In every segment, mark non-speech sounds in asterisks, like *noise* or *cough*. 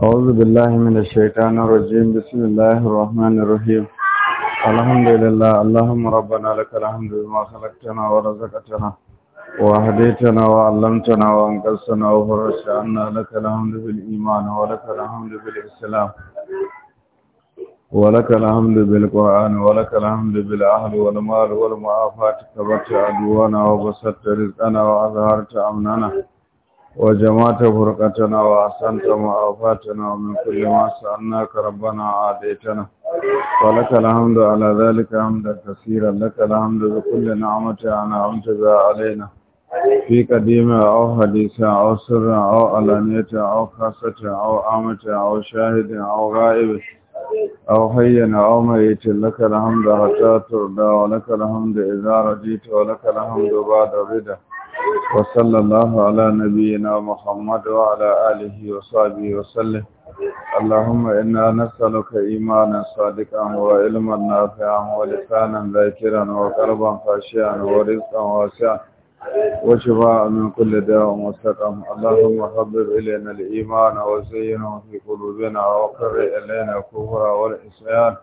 أعوذ بالله من الشيطان الرجيم بسم الله الرحمن الرحيم الحمد لله اللهم ربنا لك الحمد بما خلقتنا ورزقتنا وهديتنا وعلمتنا وانقذتنا وفرجت عنا لك الحمد بالإيمان ولك الحمد بالإسلام ولك الحمد بالقرآن ولك الحمد بالأهل والمال والمعافاة كبرت عدوانا وبسطت رزقنا وأظهرت أمننا وجمعت فرقتنا وأحسنت معافاتنا ومن كل ما سألناك ربنا عاديتنا ولك الحمد على ذلك حمدا كثيرا لك الحمد بكل نعمة أنعمت بها علينا في قديمة أو حديثة أو سر أو علانية أو خاصة أو عامة أو شاهد أو غائب أو حي أو ميت لك الحمد حتى ترضى ولك الحمد إذا رجيت ولك الحمد بعد رضا وصلى الله على نبينا محمد وعلى آله وصحبه وسلم اللهم إنا نسألك إيمانا صادقا وعلما نافعا ولسانا ذاكرا وقلبا خاشعا ورزقا واسعا وشفاء من كل داء وسقم اللهم حبب إلينا الإيمان وزينه في قلوبنا وقر إلينا الكفر والعصيان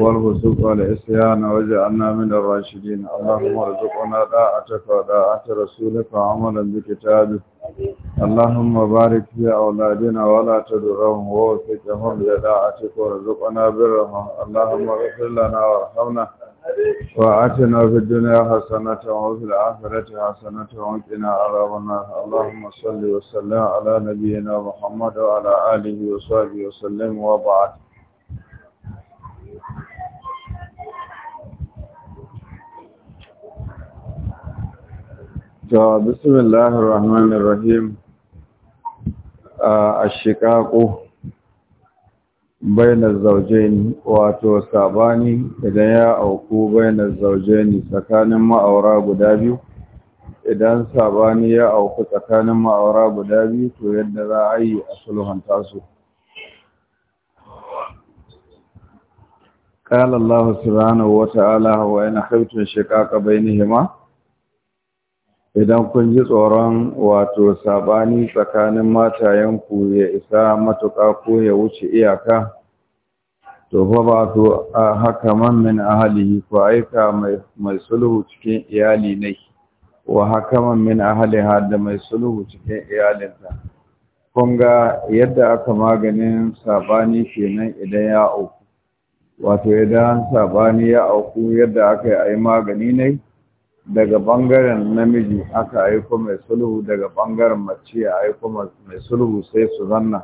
والفسوق والعصيان واجعلنا من الراشدين اللهم ارزقنا طاعتك وطاعة رسولك عملا بكتابك اللهم بارك في أولادنا ولا تدرهم ووفقهم لطاعتك وارزقنا برهم اللهم اغفر لنا وارحمنا وآتنا في الدنيا حسنة وفي الآخرة حسنة وقنا عذاب النار اللهم صل وسلم على نبينا محمد وعلى آله وصحبه وسلم وبعد To, bismillahir rahmanir rahim a shiƙaƙo bainar zaujeni wato sabani idan ya auku bainar zaujeni tsakanin ma'aura guda biyu idan sabani ya auku tsakanin ma'aura guda biyu to yadda za a yi a sulhunta su قال الله سبحانه وتعالى وإن خفتم شقاق بينهما idan kun ji tsoron wato sabani tsakanin matayenku ya isa matuƙa ko ya wuce iyaka to fa ba su haka man min ahalihi ko aika mai sulhu cikin iyali ne wa hakaman min ahaliha da mai sulhu cikin iyalinta kun ga yadda aka maganin sabani kenan idan ya auku wato idan sabani ya auku yadda aka yi magani ne daga bangaren namiji aka aiko mai sulhu daga bangaren mace a aiko mai sulhu sai su zanna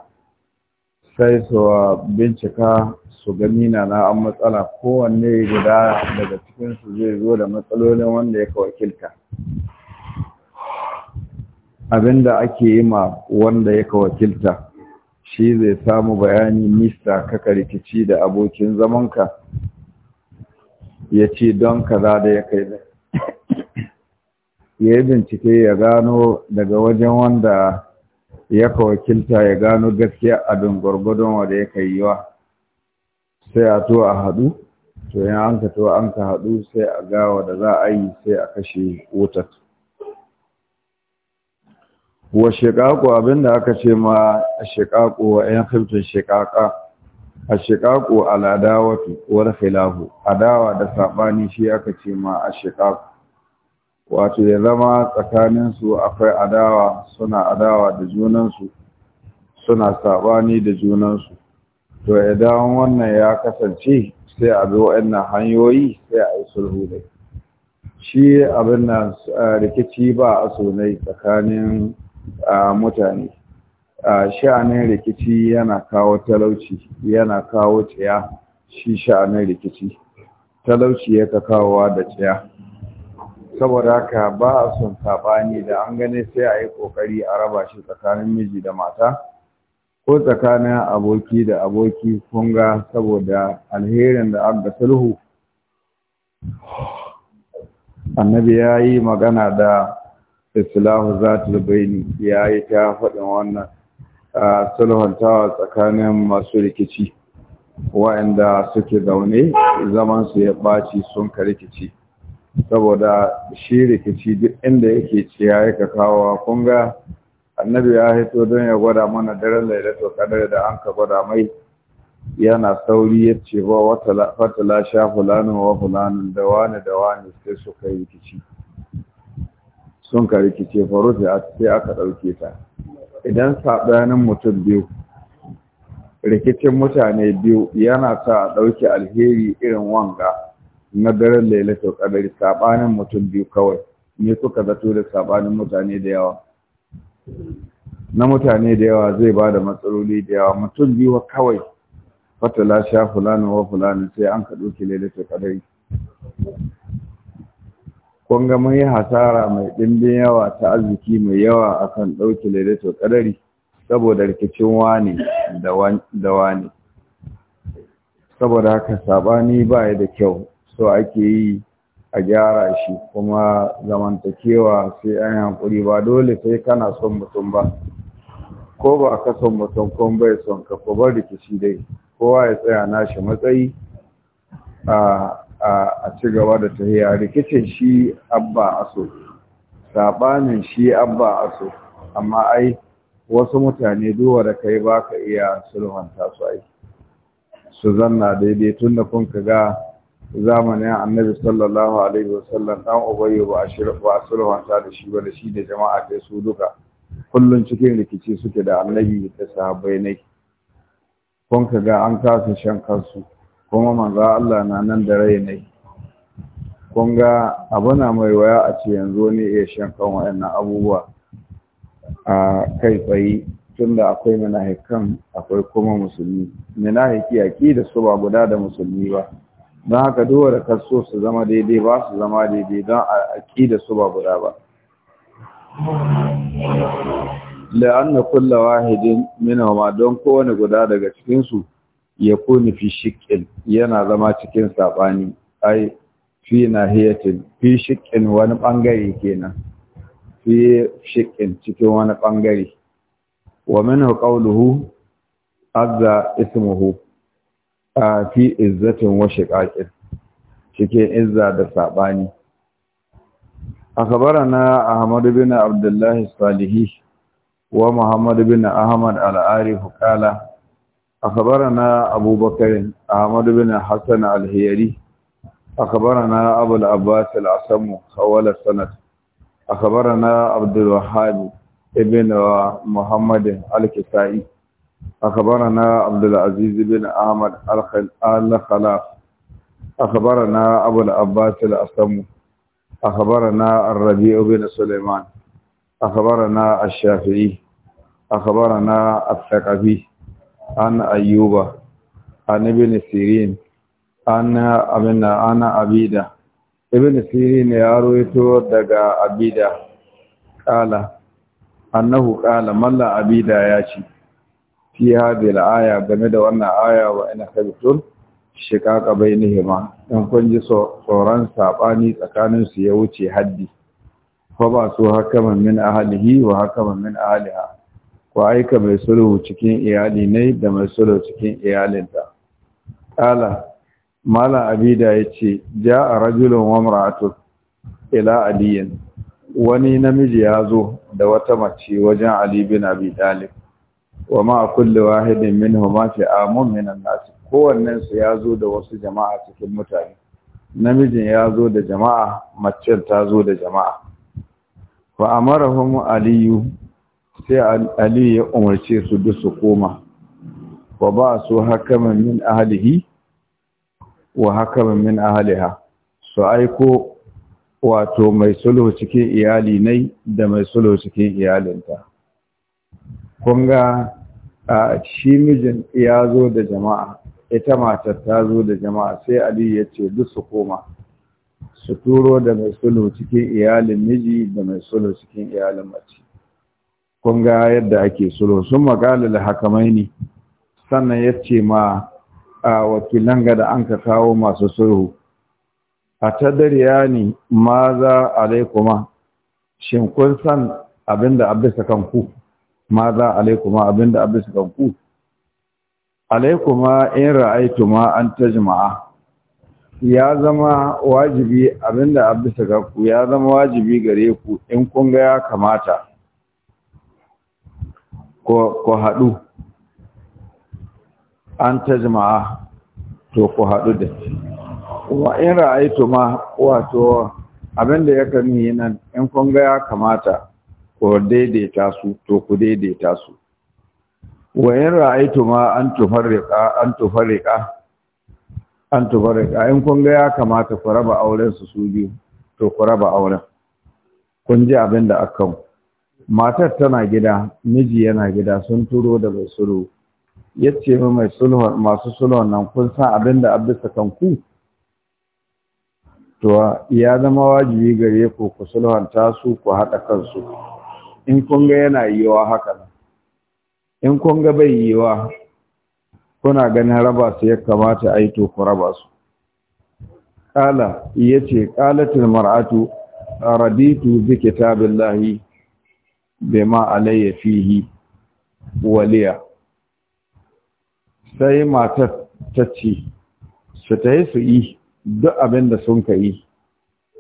sai su uh, bincika su gani na na an matsala kowanne guda daga cikinsu zai zo da matsalolin wanda ya wakilta abinda ake yi ma wanda ya wakilta shi zai samu bayani mista kaka rikici da abokin zamanka ya ce don kaza da ya kai ya yi bincike ya gano daga wajen wanda ya wakilta ya gano gaskiya abin gwargwadon wanda ya kai yiwa sai a to a haɗu to yin an ka to an ka haɗu sai a gawa da za a yi sai a kashe wutar wa Shekaku abinda aka ce ma a Shekaku wa ‘yan hibtun shekaka a shekaku al'adawatu wadda filahu adawa da saɓani shi aka ce ma a Shekaku. wato ya zama tsakaninsu akwai adawa suna adawa da junansu suna saɓani da junansu to idan wannan ya kasance sai a zo wannan hanyoyi sai a yi sulhu ne shi abin nan rikici ba a sonai tsakanin mutane sha'anin rikici yana kawo talauci yana kawo tsaya shi sha'anin rikici talauci yaka kawowa da tsaya saboda haka ba a son saɓani da an gane sai a yi ƙoƙari a raba shi tsakanin miji da mata ko tsakanin aboki da aboki kunga saboda alherin da abda sulhu annabi ya yi magana da islahu zatul baini ya yi ta faɗin wannan sulhuntawa tsakanin masu rikici wa'anda suke zaune zaman su ya ɓaci sun ka rikici saboda shi rikici duk inda yake ciya yake kawo kun annabi ya haito don ya gwada mana daren lailatul kadar da an ka gwada mai yana sauri ya ce ba wata fatala sha fulanin wa fulanin da wani da wani sai su kai rikici sun ka rikice faru da sai aka ɗauke ta idan saɓanin mutum biyu rikicin mutane biyu yana sa a ɗauki alheri irin wanga na daren lailatul qadari sabanin mutum biyu kawai me kuka zato da sabanin mutane da yawa na mutane da yawa zai ba da matsaloli da yawa mutum biyu kawai fatala sha fulani wa fulani sai an ka ɗauki lailatul qadari kun ga mun yi hasara mai ɗimbin yawa ta arziki mai yawa akan ɗauki lailatul qadari saboda rikicin wani da wani saboda haka sabani ba da kyau so ake yi a gyara shi kuma zamantakewa sai an hankuri ba dole sai kana son mutum ba ko ba ka son mutum ko bai son ka ko bar rikici dai kowa ya tsaya nashi matsayi a ci gaba da tahiya rikicin shi abba aso sabanin shi abba aso amma ai wasu mutane duwa da kai ba ka iya sulhunta su ai su zanna daidai tun da kun ka ga zamanin annabi sallallahu alaihi wasallam dan ubayyu ba ashir ba ta da shi ba da shi da jama'a kai su duka kullun cikin rikici suke da annabi da sahabbai ne kun ka ga an kasa shan kansu kuma manzo Allah na nan da rai ne kun ga abuna mai waya a ce yanzu ne ya shan kan wayannan abubuwa a kai tsaye tunda akwai munafikan akwai kuma musulmi munafiki aki da su ba guda da musulmi ba don haka duwa da kaso su zama daidai ba su zama daidai don a da su ba guda ba na kulla wahidin ma don kowane guda daga cikinsu ya kuni fi shikin yana zama cikin sabani ai fi na nahiyatin fi shikin wani bangare kenan fi shikin cikin wani bangare wa minhu qawluhu azza ismuhu a fi izzatin washe ƙaƙir cikin izza da A kabara na ahmad bin Abdullahi salihi wa muhammad bin ahmad al a kabara na abubakar ahmad bin Hassan al-hiyari أخبرنا أبو العباس العصم أول a أخبرنا عبد الوهاب ابن أخبرنا عبد العزيز بن أحمد الخلاف أخبرنا أبو العباس الأسلم أخبرنا الربيع بن سليمان أخبرنا الشافعي أخبرنا الثقفي عن أيوب عن ابن سيرين عن ابن عن عبيدة ابن سيرين يرويته دقا عبيدة قال أنه قال ملا عبيدة ياشي fi hadhihi al-aya game da wannan aya wa ina kabitun shikaka bainihima dan kun ji tsoron sabani tsakanin su ya wuce haddi fa ba su hakaman min ahlihi wa hakaman min ahliha ko aika mai sulhu cikin iyali ne da mai sulhu cikin iyalinta qala mala abida yace ja'a rajulun wa imra'atun ila aliyin wani namiji ya zo da wata mace wajen ali bin abi talib wa ma kulli wahidin minhuma fi'amun minan nas kowannen su yazo da wasu jama'a cikin mutane namijin ya zo da jama'a mace ta zo da jama'a fa amarahum aliyu sai ali ya umarce su duk su koma wa ba su hakaman min ahlihi wa hakaman min ahliha su aiko wato mai sulhu cikin iyali nai da mai sulhu cikin iyalinta kun ga shi mijin ya zo da jama'a ita matar ta zo da jama'a sai ali ya ce duk su koma su turo da mai sulhu cikin iyalin miji da mai sulhu cikin iyalin mace kun ga yadda ake sulhu sun hakamai ne? sannan ya ce ma a wakilan ga da an ka kawo masu sulhu a ta dariya ne ma za alaikuma shin kun san abin da abisa kan ku ma za alaikuma abinda abin su kanku alaikuma in ra'aituma an tajma'a ya zama wajibi abin da abin su kanku ya zama wajibi gare ku in kun ga ya kamata ko haɗu, an tajma'a to ku haɗu da Kuma in ra'aituma wato abin da ya kani nan in kun ga ya kamata ko daidaita su to ku daidaita su wa in ra'aitu ma an tufarriqa an tufarriqa an tufarriqa in kun ga ya kamata ku raba auren su su biyu to ku raba auren kun ji abin da akan matar tana gida miji yana gida sun turo da mai sulhu ya ce mai sulhu masu sulhu nan kun san abin da kan ku. to ya zama wajibi gare ku ku sulhanta su ku haɗa kansu in kun ga yana yiwa haka in kun ga bai yiwa kuna ganin raba su ya kamata a yi to ku raba su ƙala ya ce ƙalatin mar'atu a raditu bi kitabin lahi bai ma alayya fihi waliya sai matar ta ce su ta yi su yi duk abin da sun ka yi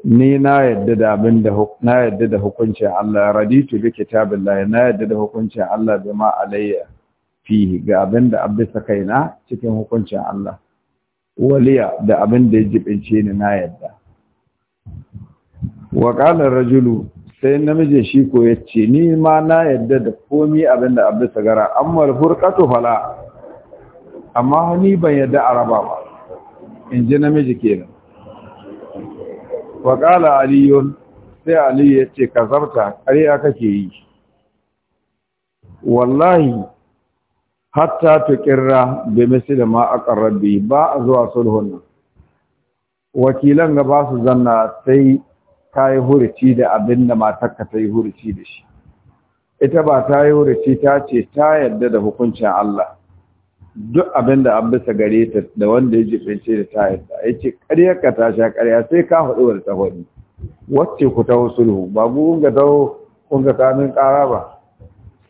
ni na yadda da abin da na yadda da hukuncin Allah raditu bi kitabillahi na yadda da hukuncin Allah bima alayya fihi ga abin da na cikin hukuncin Allah waliya da abin da ya jibince ni na yadda wa qala rajulu sai namiji shi ko yace ni ma na yadda da komi abin da abisa gara amma furqatu fala amma ni ban yadda araba ba in ji namiji kenan wa qala aliyun sai Aliyu ce yace kazarta ƙarya kake yi wallahi hatta ta ƙirra da misi da ma'aƙar rabbi ba zuwa sulhun wakilan ga ba su zanna sai ta yi hurici da abin da matarka ta yi hurici da shi ita ba ta yi hurici ta ce ta yadda da hukuncin Allah duk abin da an bisa gare ta da wanda ya jibince da ta yadda ya ce ƙaryar ka ta sha ƙarya sai ka haɗu da ta haɗu wacce ku taho sulhu ba ku ga ta kun ga min ƙara ba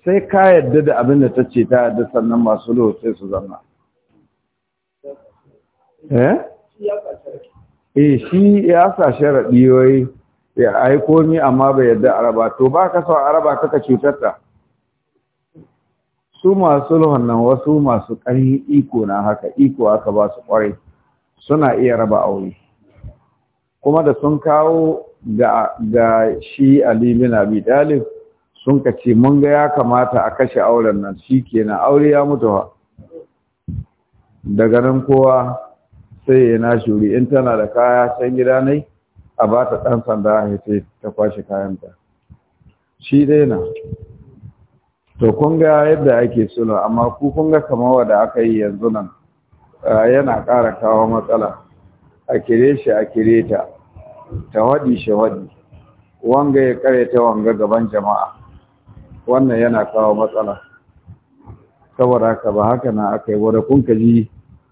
sai ka yadda da abin da ta ce ta yadda sannan masu sulhu sai su zama eh, eh shi ya sa sharaɗi yoyi ya aiko ni amma bai yadda araba to ba ka so araba kaka cutar ta su masu sulhun nan wasu masu ƙarfi iko na haka iko aka ba su ƙwarai suna iya raba aure kuma da sun kawo ga shi Ali bin Abi Talib sun kace mun ga ya kamata a kashe auren nan Shi shikenan aure ya mutu daga nan kowa sai ya na shuri in tana da kaya can gida ne a ba ta ɗan sanda ya ce ta kwashe kayanta shi dai na to kun ga yadda ake suna amma ku kun ga kamar wanda aka yi yanzu nan yana ƙara kawo matsala a kire shi a kire ta ta waɗi shi waɗi wanga ya ta wanga gaban jama'a wannan yana kawo matsala saboda haka ba haka na aka yi wadda kun ji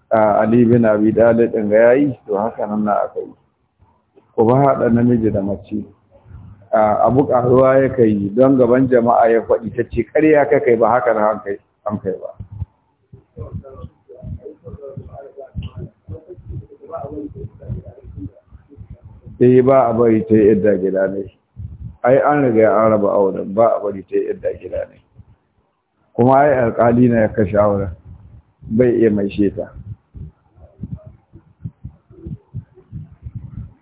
a ali bin abi dalib ga yayi to haka nan na aka yi ku ba haɗa namiji da mace abu ƙaruwa ya kai don gaban jama'a ya faɗi ta ce ƙarya ka kai ba haka na kai ba sai eh, ba a bari ta yi yadda gida ne ai an riga an raba auren ba a bari ta yi yadda gida ne kuma ai alƙali na ya kashe auren bai iya mai sheta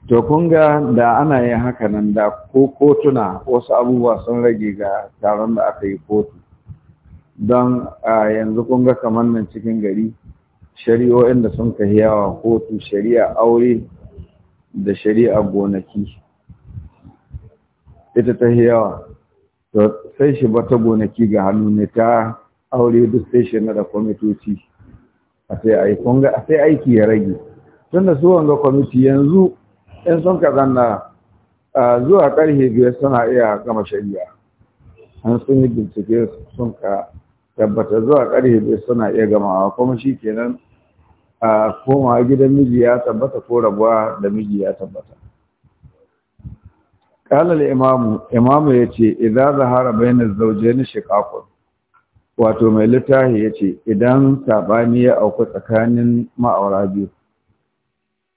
to kunga da ana yin haka nan da ko kotuna wasu abubuwa sun rage ga taron da aka yi kotu don a yanzu kun ga kamar nan cikin gari shari'o'in da sun kahi yawa kotu shari'a aure da shari'a gonaki ita ta yawa to sai shi bata gonaki ga hannu ne ta aure duk sai shi na da kwamitoci a sai aiki ya rage tunda su wanga kwamiti yanzu in sun ka zanna zuwa ƙarfe biyar suna iya gama shari'a an sun yi bincike sun ka tabbata zuwa ƙarfe biyar suna iya gamawa kuma shi kenan a koma gidan miji ya tabbata ko rabuwa da miji ya tabbata kalar imamu imamu ya ce idan zahara bayanin na shikakun wato mai littafi ya ce idan sabani ya auku tsakanin ma'aura biyu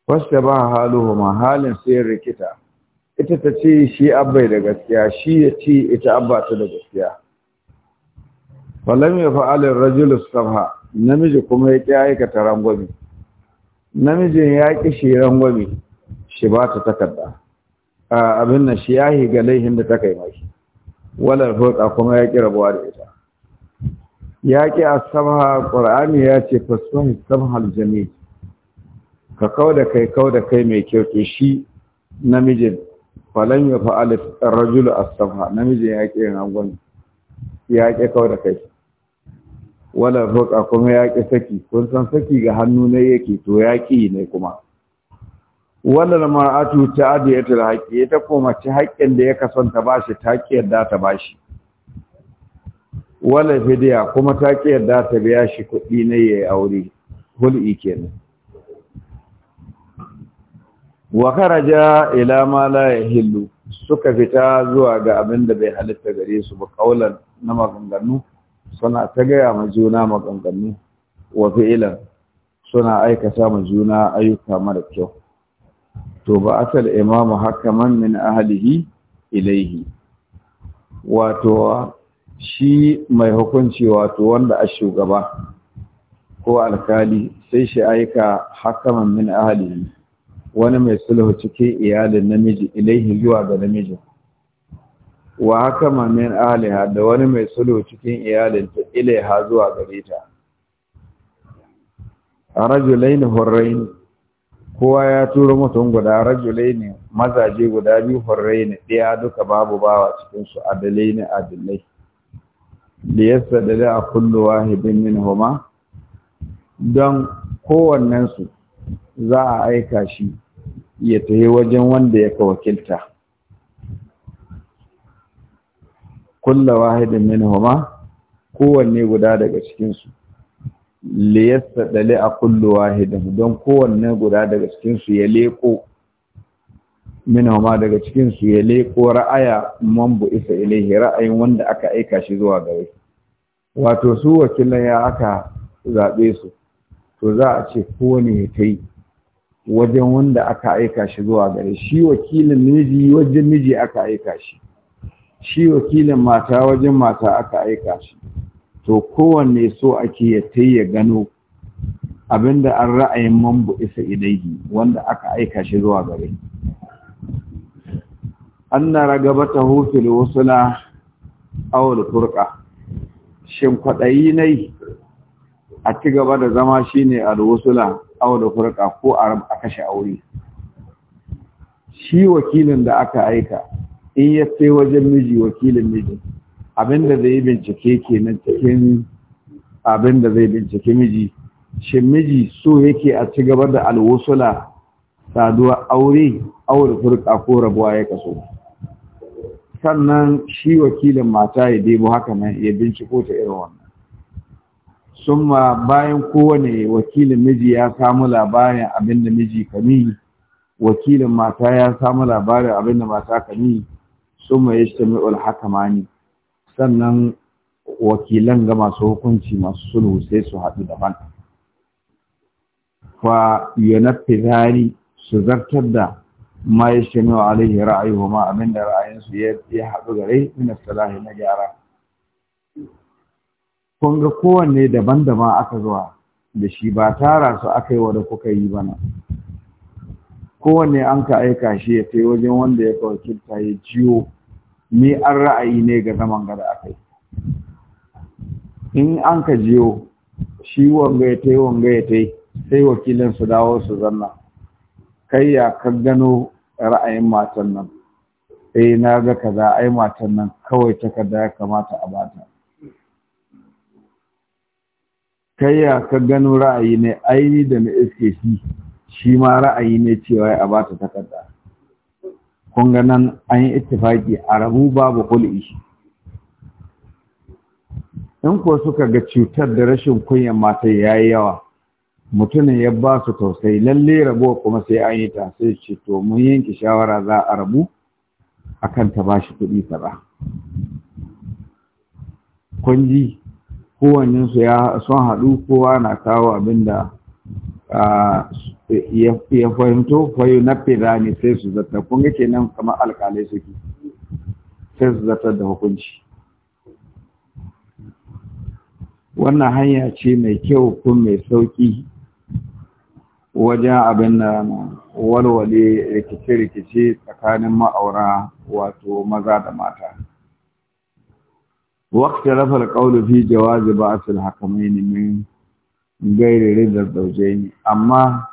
wasta ba haluhuma halin sai rikita ita ta ce shi Abba da gaskiya shi ya ce ita abba ta da gaskiya falam ya fa'alin rajulus sabha namiji kuma ya ƙi aikata rangwami namijin ya ƙi shi rangwami shi ba ta takarda abin nan shi ya higa laihin da ta kai mai walar hulɗa kuma ya ƙi rabuwa da ita ya ƙi a sabha ƙur'ani ya ce fasfahis sabha aljami'i ka kau da kai kau da kai mai kyau to shi namijin falon ya fa'ala rajulu as-samha namijin ya ƙi hangon ya ƙi kau da kai wala roƙa kuma ya ƙi saki kun san saki ga hannu ne yake to ya ƙi ne kuma wala mar'atu ta'diyatu al ya ta koma ci haƙƙin da ya kasanta bashi ta ƙi yadda ta bashi wala fidiya kuma ta ƙi yadda ta biya shi kuɗi ne yayi aure hul'i kenan wa kharaja ila ma la yahillu suka fita zuwa ga abin da bai halitta gare su ba kaulan na maganganu suna ta gaya ma juna maganganu wa fi'ilan suna aikata ma juna ayyuka mara kyau to ba asal imamu hakaman min ahlihi ilaihi wato shi mai hukunci wato wanda a shugaba ko alkali sai shi aika hakaman min ahlihi wani mai sulhu cikin iyalin namiji ilaihi zuwa ga namiji. wa haka min aliha da wani mai sulhu cikin iyalin ta ilaiha zuwa gare ta a rajulaini hurraini kowa ya turo mutum guda rajulaini mazaje guda biyu hurraini ɗaya duka babu bawa cikinsu adalaini adalai liyasta da a kullu wahidin min huma don kowannensu za a aika shi ya tafi wajen wanda ya wakilta kulla wahidin huma kowanne guda daga cikinsu liyasta dale a kullu wahidin don kowanne guda daga cikinsu ya leko huma daga cikinsu ya leko ra'aya mambu isa ilaihi ra'ayin wanda aka aika shi zuwa gare wato su wakilan ya aka zaɓe su to za a ce ko kowane ya ta yi wajen wanda aka aika shi zuwa gare shi wakilin miji wajen miji aka aika shi shi wakilin mata wajen mata aka aika shi to kowanne so ake ya ta ya gano abinda an ra'ayin mambu isa idaihi wanda aka aika shi zuwa gare anna bata fil wasu na awal furqa shin kwadayi nai a ci gaba da zama shine rusula awa da furqa ko a kashe aure shi wakilin da aka aika in ya sai wajen miji wakilin miji abinda zai bincike kenan cikin abinda zai bincike miji shi miji so yake a ci gaba da alwusula saduwa aure da furqa ko rabuwa ya kaso sannan shi wakilin mata ya debo haka nan ya binciko ta irin wannan summa bayan kowane wakilin miji ya samu labarin abin da miji kami wakilin mata ya samu labarin abin da mata kami summa ya shi hakamani sannan wakilan ga masu hukunci masu sulhu sai su haɗu daban fa zari su zartar da ma ya shi alaihi ra'ayi ma abin da ra'ayinsu ya haɗu gare min salahi na gyara kun ga kowanne daban-daban aka zuwa da shi ba tara su aka yi wa da kuka yi bana kowanne an ka aika shi ya kai wajen wanda ya wakilta ya jiyo ni an ra'ayi ne ga zaman gada aka yi in an ka jiyo shi wanga ya tai wanga ya tai sai wakilin su dawo su zanna kai ya ka gano ra'ayin matan nan eh na ga kaza ai matan nan kawai takarda ya kamata a bata kai ka gano ra'ayi ne aini da na iske shi shi ma ra'ayi ne cewa a ba ta takarda kun ga nan an yi ittifaki a rabu babu kul'i in ko suka ga cutar da rashin kunyan mata yi yawa mutumin ya ba su tausayi lalle rabu kuma sai an yi ta sai ce to mun yanke shawara za a rabu akan ta bashi kuɗi faɗa. kun ji kowannensu ya son haɗu kowa na kawo abin da ya fahimto fayu na ne sai su zata kun ga kenan kamar alkalai suke sai su zata da hukunci wannan hanya ce mai kyau kun mai sauƙi wajen abin da walwale rikice-rikice tsakanin ma'aura wato maza da mata waqti rafa alqawlu fi jawaz ba'th alhakamain min gairi amma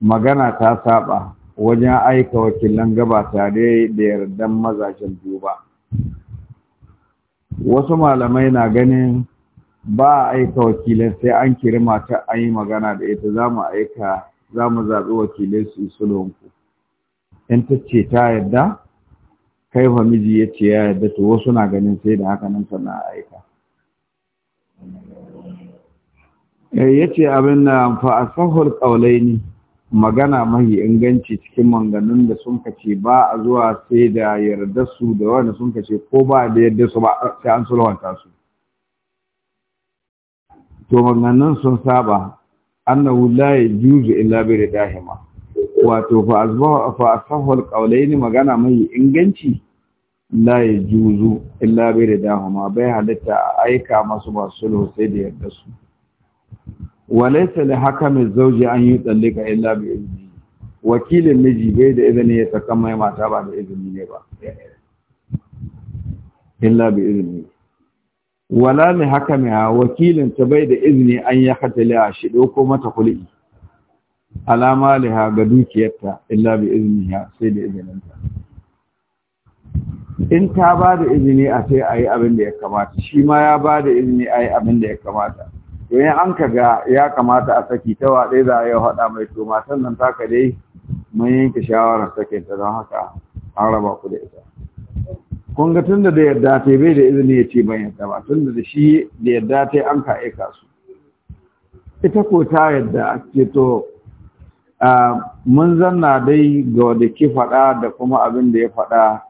magana ta saɓa wajen aika wakilan gaba tare da yarda mazajen duba wasu malamai na ganin ba aika wakilai sai an kiri mata an yi magana da ita za mu zaɓi wakilai su yi sulhunku in ta ce ta yarda. kai fa miji ya ce ya yarda to wasu na ganin sai da haka nan sannan a aika eh, ya ce abin na fa'asahul ne, magana mahi inganci cikin manganun da sun kace ba a zuwa sai da yarda su da wanda sun kace ko ba da yarda su ba sai an sulwanta su to manganun sun saba annahu la yajuzu illa bi ridahima wato fa asbahu fa asahul qawlaini magana mai inganci la yajuzu illa bi ridahuma bai halitta a aika masu ba sulhu sai da yarda su walaysa li hakami zawji an yutallika illa bi izni wakilin miji bai da izini ya saka mai mata ba da izini ne ba illa bi izni wala li hakami wakilin ta bai da izini an ya a shi ko mata kulli alama liha ga dukiyarta illa bi izniha sai da izininta in ta ba da izini a sai a yi abin da ya kamata shi ma ya ba da izini a yi abin da ya kamata to an ka ga ya kamata a saki ta waɗai za a yi haɗa mai to matan nan taka dai mun yanke shawarar sakin ta don haka an raba ku da ita kun ga tun da da ta bai da izini ya ce ban yadda ba tun da shi da yarda ta an ka aika su ita ko ta yadda ake to mun zanna dai ga wanda ki faɗa da kuma abin da ya faɗa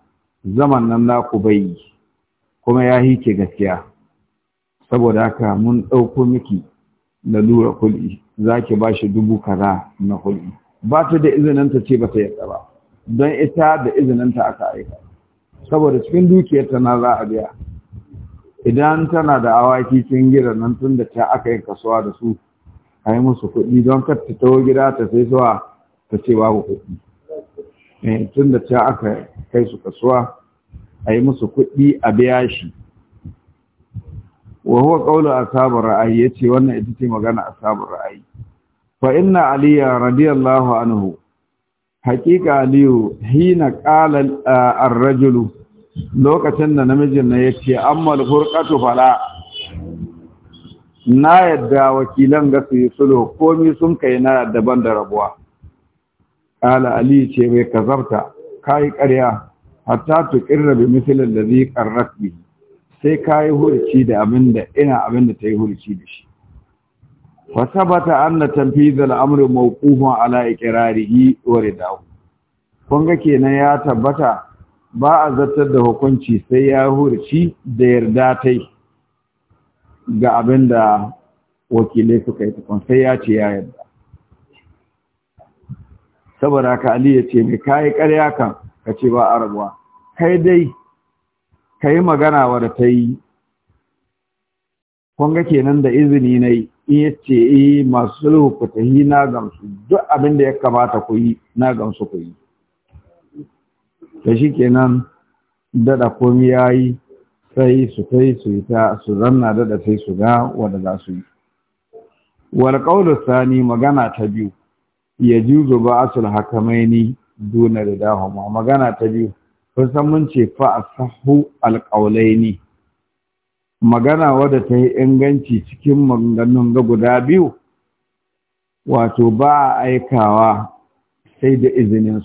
zaman nan naku bai kuma ya ke gaskiya saboda haka mun ɗauko miki na lura kul'i za ki ba shi dubu kaza na kul'i ba ta da izininta ce ba ta yadda ba don ita da izininta aka aika saboda cikin dukiyarta na za a biya idan tana da awaki cikin gidan nan tun da ta aka yi kasuwa da su a yi musu kuɗi don kar ta taho gida ta sai zuwa ta ce babu kuɗi eh, tun da ta aka kai su kasuwa a yi musu kuɗi a biya shi wa huwa qawlu ashabar ra'ayi yace wannan ita ce magana ashabar ra'ayi fa inna aliya radiyallahu anhu haqiqa aliyu hina qala ah, ar-rajulu lokacin da namijin na yace amma al-furqatu fala na yadda wakilan ga su yi sulhu komi sun kai na daban da rabuwa qala ali ce mai kazarta kai ƙarya hatta qirra bi misl alladhi qarrat bi sai kai hurci da abinda ina abinda tayi hurci da shi wa sabata anna tanfiz al-amr mawqufun ala iqrarihi wa ridahu kun ga kenan ya tabbata ba a zartar da hukunci sai ya hurci da yarda yi. ga abin da wakilai suka yi tukun sai ya ce ya yadda saboda ka ali ya ce mai kayi karya kan ka ce ba a rabuwa kai dai ka yi magana wadda ta yi kwanga kenan da izini na yi in ce eh masu sulhu ku yi na gamsu duk abin da ya kamata ku yi na gamsu ku yi da shi kenan daɗa komi ya yi sai su kai su yi ta su zanna daɗa sai su ga wanda za su yi wal sani magana ta biyu ya juzu ba asul hakamaini duna ridahuma magana ta biyu kun san mun ce fa asahu ni. magana wadda ta yi inganci cikin maganganun ga guda biyu wato ba a aikawa sai da izinin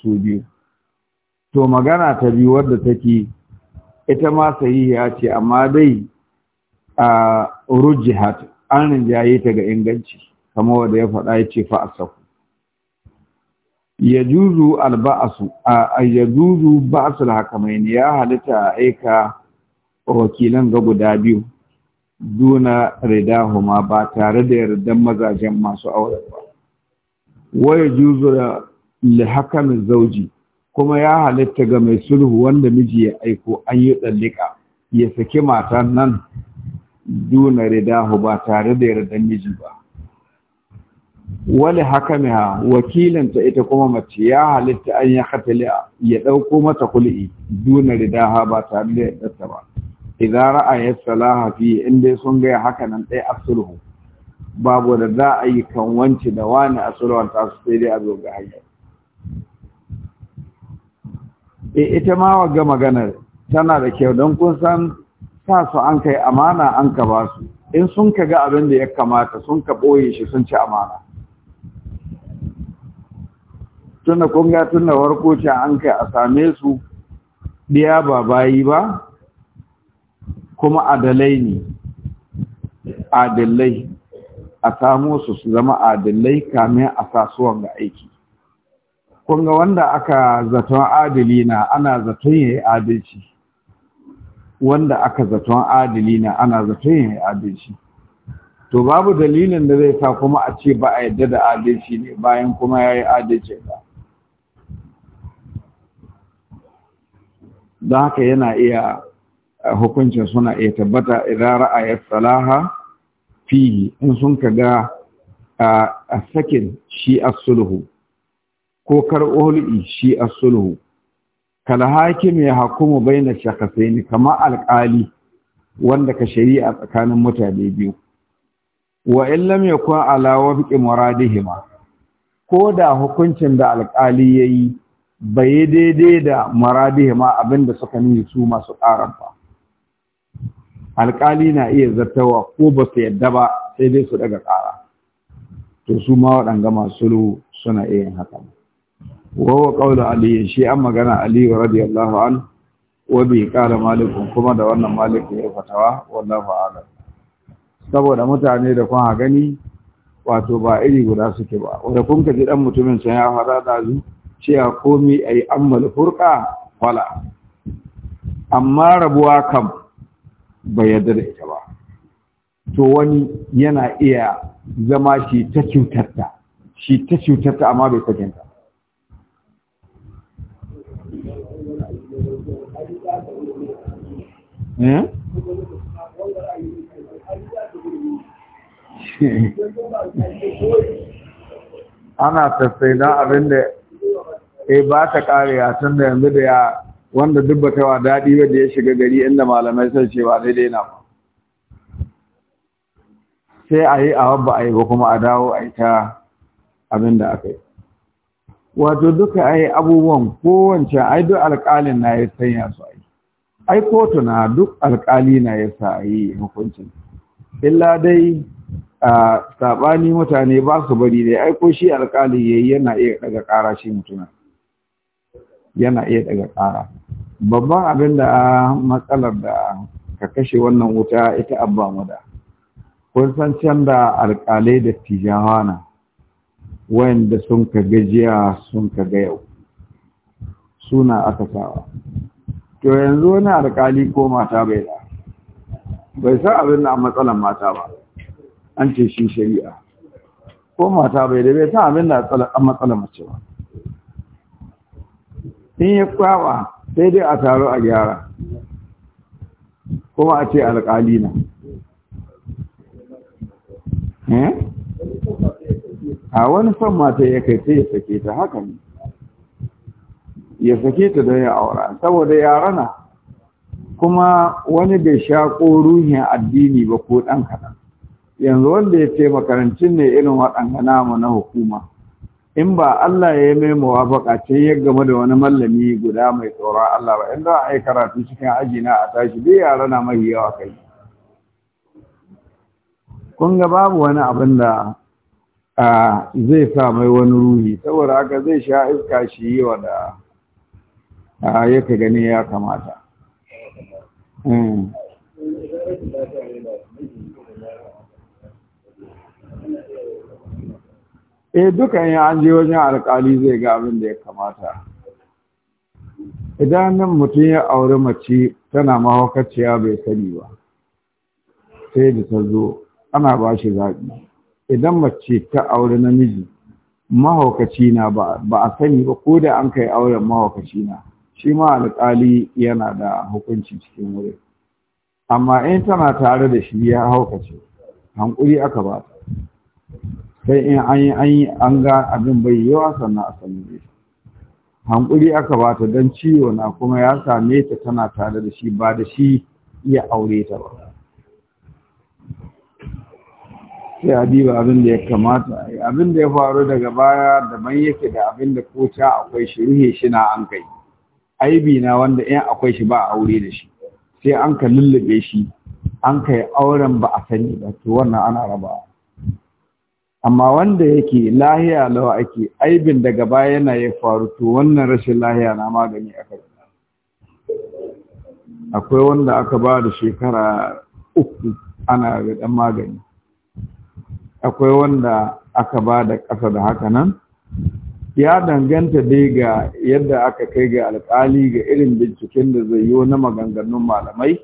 su biyu to magana ta biyu wadda take ita ma sahihiya ce amma dai a rujihat an rinjaye ta ga inganci kamar wanda ya faɗa ya ce fa asaku yajuzu alba'asu a yajuzu ba'sul hakamaini ya halitta a aika wakilan ga guda biyu duna ridahuma ba tare da yardan mazajen masu aure ba wa juzu da lihakamin zauji kuma ya halitta ga mai sulhu wanda miji ya aiko an yi tsallika ya saki matan nan duna ridahu ba tare da yardan miji ba Wani haka wali ha, wakilinta ita kuma mace ya halitta an ya katali ya ɗauko mata kul'i duna ridaha ba tare da yardarta ba idan ra'ayar salaha fi inda sun gaya haka nan ɗaya sulhu, babu da za a yi kan wanci da wani sulhu ta su sai dai a zo ga hanyar e ita ma ga maganar tana da kyau don kun san sa su an kai amana an ka ba su in sun ka ga abin da ya kamata sun ka ɓoye shi sun ci amana tunda kun ga tunda warko ce an kai a same su biya ba bayi ba kuma adalai ne adalai a samu su su zama adalai kamin a sasuwan ga aiki Kunga wanda aka zaton adili na ana zaton ya yi adalci wanda aka zaton adili na ana zaton ya yi adalci to babu dalilin da zai sa kuma a ce ba a yadda da adalci ne bayan kuma ya yi adalci ba don haka yana iya hukuncin suna iya tabbata idan ra'ayar salaha fihi in sun ka ga a sakin shi as-sulhu ko karɓo shi a sulhu kal hakim ya hakumu baina shakhsaini kama alƙali wanda ka shari'a tsakanin mutane biyu wa in lam yakun ala wafqi muradihima ko da hukuncin da alƙali yayi bai daidai da muradihima abinda suka nuna su masu ƙaran ba alƙali na iya zartawa ko ba su yadda ba sai dai su daga ƙara to su ma waɗanga masu suna iya yin haka wawa ƙaunar aliyu shi an magana aliyu radiyallahu an wabi ƙara malikun kuma da wannan malikun ya fatawa wallahu alam saboda mutane da kun gani wato ba iri guda suke ba wanda kun ka ji dan mutumin can ya fara da zu cewa komi ayi ammal furka wala amma rabuwa kam bai yarda da ita ba to wani yana iya zama shi ta ta shi ta ta amma bai sakinta Hmm? *laughs* ana tattaina abin da ya ba ta a da yanzu da ya wanda dubbatawa daɗi wadda ya shiga gari inda malamai sai ce daidai na ba sai a yi a wabba a yi ba kuma a dawo a yi ta abin da aka yi wato duka a yi abubuwan kowace ai alkalin alƙalin na ya sanya su a yi ai kotuna duk alkali na ya sa yi hukuncin illa dai a sabani mutane ba su bari dai ai ko shi alkali yayi yana iya daga ƙara shi mutuna yana iya daga ƙara babban abin da matsalar da ka kashe wannan wuta ita abba mada kun san can da alkalai da tijawana wayanda sun ka gajiya sun ka ga yau suna aka sawa to yanzu wani alƙali ko mata bai da bai san abin da matsalan mata ba an ce shi shari'a ko mata bai da bai san abin da matsalan mace ba in ya kwaba sai dai a taro a gyara kuma a ce alƙali na eh? a wani son mata ya kai sai ya sake ta haka ne ya sake ta don ya aura saboda rana, kuma wani bai shaƙo ruhin addini ba ko ɗan kaɗan yanzu wanda ya ce makarancin ne irin waɗanda namu na hukuma in ba Allah ya mai muwafaka ce ya game da wani mallami guda mai tsoron Allah ba inda a yi karatu cikin aji na a tashi bai yara na mai yawa kai kun ga babu wani abin da zai sa mai wani ruhi saboda haka zai sha iska shi yi wa da a yake gani ya kamata hmm. eh dukan ya an je wajen alkali zai ga abin da ya kamata idan nan mutum ya auri mace tana mahaukaciya bai sani ba sai da ta zo ana ba shi zaɓi idan mace ta auri namiji mahaukaci na ba a sani ba ko da an kai auren mahaukaci na shi ma alƙali yana da hukunci cikin wurin amma in tana tare da shi ya haukace hankuri aka ba sai in an yi an yi ga abin bai yawa sannan a sami ne hankuri aka ba ta don ciwo na kuma ya same ta tana tare da shi ba da shi ya aure ta ba sai a diba abin da ya kamata abin da ya faru daga baya daban yake da abin da ko ta akwai shi ruhe shi na an kai aibi na wanda in akwai shi ba a aure da shi sai an ka lullube shi an ka yi auren ba a sani ba to wannan ana raba amma wanda yake lahiya lawa ake aibin daga baya yana ya faru to wannan rashin lahiya na magani a kai akwai wanda aka ba da shekara uku ana da dan magani akwai wanda aka ba da ƙasa da haka nan ya danganta dai ga yadda aka kai ga alkali ga irin binciken da zai yi na maganganun malamai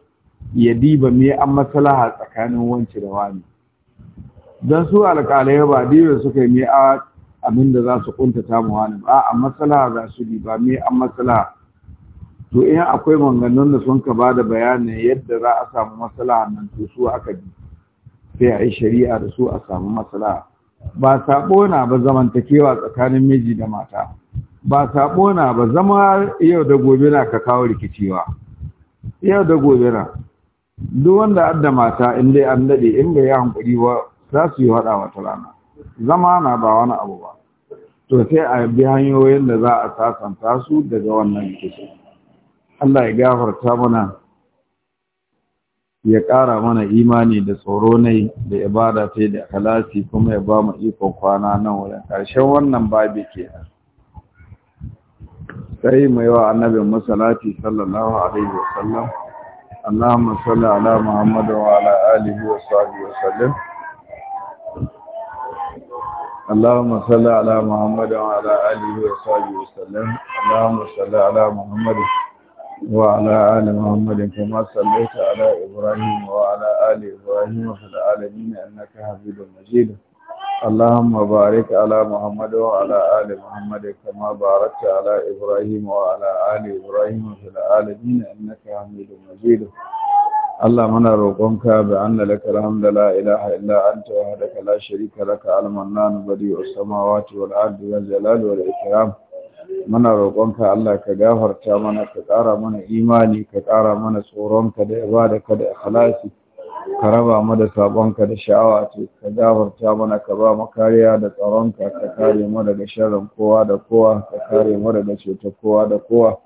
ya diba me an maslaha tsakanin wance da wani don su alkalai ba diba suka yi a abin da za su kuntata mu wani ba a maslaha za su diba me an maslaha to in akwai maganganun da sun ka ba da bayanin yadda za a samu maslaha nan to su aka bi sai a yi shari'a da su a samu maslaha ba saɓo na ba zamantakewa tsakanin miji da mata ba saɓo na ba zama yau da gobe na ka kawo rikiciwa yau da gobe na duk wanda adda mata in dai an daɗe in ga ya hankuri ba za su yi haɗa wata rana zama na ba wani abu ba to sai a bi hanyoyin da za a sasanta su daga wannan rikici Allah ya gafarta mana ya ƙara mana imani da tsoro ne da ibada ta da halasi kuma ya ba mu ikon kwana nan wurin ƙarshen wannan babi ke nan sai mu yi wa annabin masalati sallallahu alaihi wa sallam Allahumma salli ala Muhammad wa ala alihi wa sahbihi wa sallam Allahumma salli ala ala Muhammad wa wa alihi اللهم صل على محمد وعلى اله وصحبه وسلم اللهم صل wa sallam وعلى آل محمد كما صليت على إبراهيم وعلى آل إبراهيم في العالمين أنك حميد مجيد اللهم بارك على محمد وعلى آل محمد كما باركت على إبراهيم وعلى آل إبراهيم في العالمين أنك حميد مجيد اللهم انا روقك بأن لك الحمد لا إله إلا أنت وحدك لا شريك لك المنان بديع السماوات والأرض والجلال والإكرام muna roƙonka Allah ka gafarta mana ka ƙara mana imani ka ƙara mana tsoronka da ba da ka da ikhlasi ka raba mu da sabonka da sha'awa ce ka gafarta mana ka ba mu kariya da tsaronka ka kare mu daga sharrin kowa da kowa ka kare mu daga cutar kowa da kowa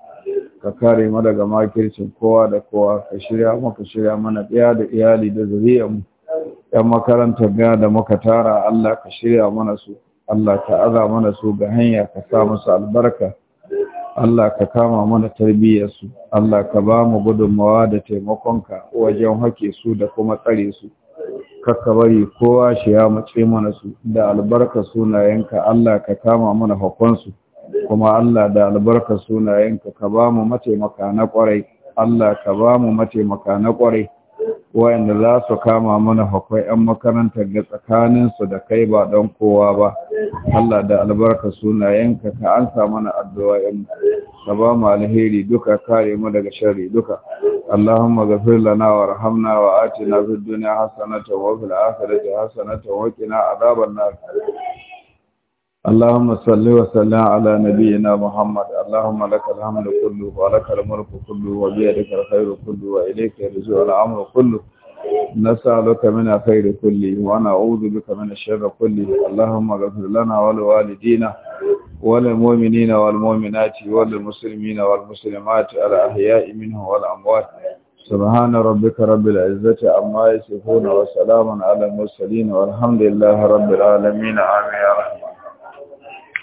ka kare mu daga makircin kowa da kowa ka shirya mu ka shirya mana ɗaya da iyali da mu 'yan makarantar ga da muka tara Allah ka shirya mana su Allah ka aza mana su ga hanya ka sa musu albarka Allah ka kama mana tarbiyyar su. Allah ka ba mu gudunmawa da taimakonka wajen hake su da kuma tsare su kakka bari kowa shi ya mace mana su da albarka sunayenka Allah ka kama mana hakonsu kuma Allah da albarka sunayenka ka ba mu mataimaka na kwarai Allah ka ba mu mataimaka na kwarai wayanda za su kama mana akwai 'yan makaranta ga tsakaninsu da kai ba don kowa ba Allah da albarka sunayenka ka ansa mana addu'o'in ka ba mu alheri duka kare mu daga sharri duka Allahumma ghafir lana warhamna wa atina fid dunya hasanatan wa fil akhirati hasanatan wa qina adhaban nar اللهم صل وسلم على نبينا محمد اللهم لك الحمد كله ولك الملك كله وبيدك الخير كله واليك يرجع الامر كله نسألك من خير كله ونعوذ بك من الشر كله اللهم اغفر لنا ولوالدينا وللمؤمنين والمؤمنات وللمسلمين والمسلمات الأحياء منه والأموات سبحان ربك رب العزة عما يصفون وسلام على المرسلين والحمد لله رب العالمين آمين يا رحمن